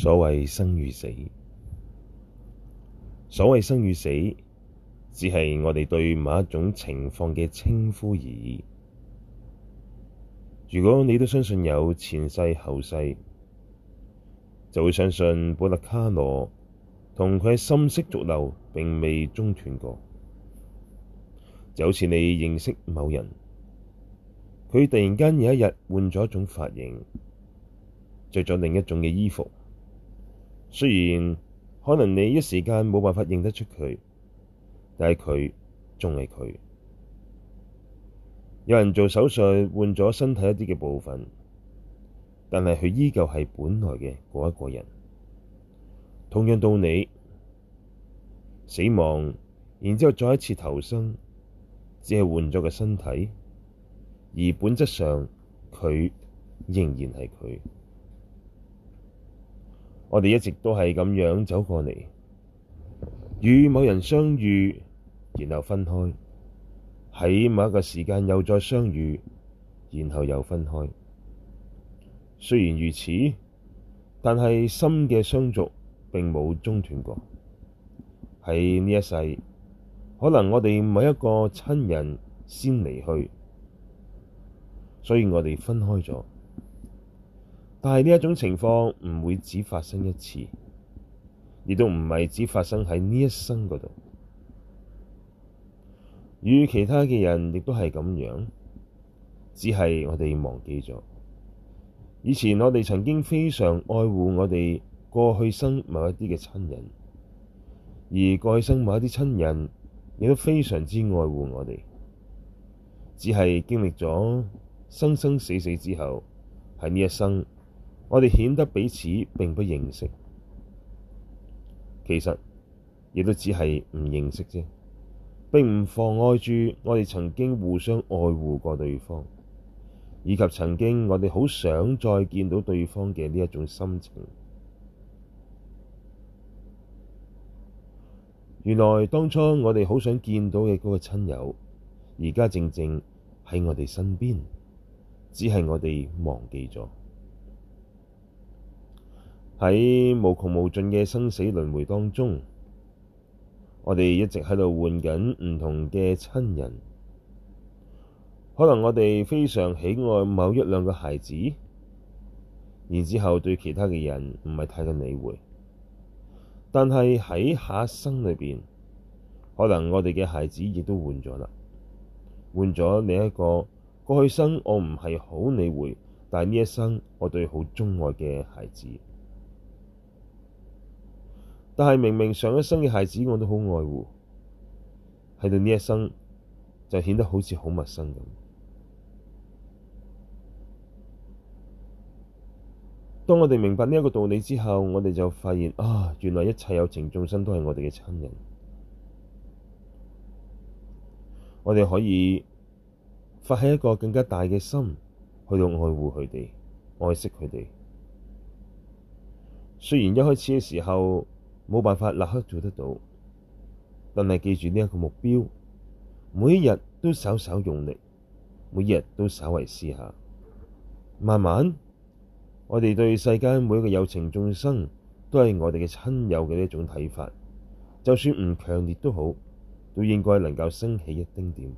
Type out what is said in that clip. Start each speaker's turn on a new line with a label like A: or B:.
A: 所謂生與死，所謂生與死，只係我哋對某一種情況嘅稱呼而已。如果你都相信有前世後世，就會相信布達卡羅同佢嘅心識續流並未中斷過。就好似你認識某人，佢突然間有一日換咗一種髮型，着咗另一種嘅衣服。雖然可能你一時間冇辦法認得出佢，但係佢仲係佢。有人做手術換咗身體一啲嘅部分，但係佢依舊係本來嘅嗰一個人。同樣道理，你死亡，然之後再一次投生，只係換咗個身體，而本質上佢仍然係佢。我哋一直都係咁樣走過嚟，與某人相遇，然後分開，喺某一個時間又再相遇，然後又分開。雖然如此，但係心嘅相續並冇中斷過。喺呢一世，可能我哋某一個親人先離去，所以我哋分開咗。但係呢一種情況唔會只發生一次，亦都唔係只發生喺呢一生嗰度，與其他嘅人亦都係咁樣，只係我哋忘記咗以前我哋曾經非常愛護我哋過去生某一啲嘅親人，而過去生某一啲親人亦都非常之愛護我哋，只係經歷咗生生死死之後，喺呢一生。我哋顯得彼此並不認識，其實亦都只係唔認識啫，並唔妨礙住我哋曾經互相愛護過對方，以及曾經我哋好想再見到對方嘅呢一種心情。原來當初我哋好想見到嘅嗰個親友，而家正正喺我哋身邊，只係我哋忘記咗。喺無窮無盡嘅生死輪迴當中，我哋一直喺度換緊唔同嘅親人。可能我哋非常喜愛某一兩個孩子，然之後對其他嘅人唔係太咁理會。但係喺下一生裏邊，可能我哋嘅孩子亦都換咗啦，換咗另一個過去生我唔係好理會，但係呢一生我對好鍾愛嘅孩子。但係明明上一生嘅孩子我，我都好愛護，喺到呢一生就顯得好似好陌生咁。當我哋明白呢一個道理之後，我哋就發現啊，原來一切有情眾生都係我哋嘅親人，我哋可以發起一個更加大嘅心去到愛護佢哋，愛惜佢哋。雖然一開始嘅時候，冇辦法立刻做得到，但係記住呢一個目標，每一日都稍稍用力，每一日都稍微試下，慢慢，我哋對世間每一個有情眾生，都係我哋嘅親友嘅一種睇法，就算唔強烈都好，都應該能夠升起一丁點。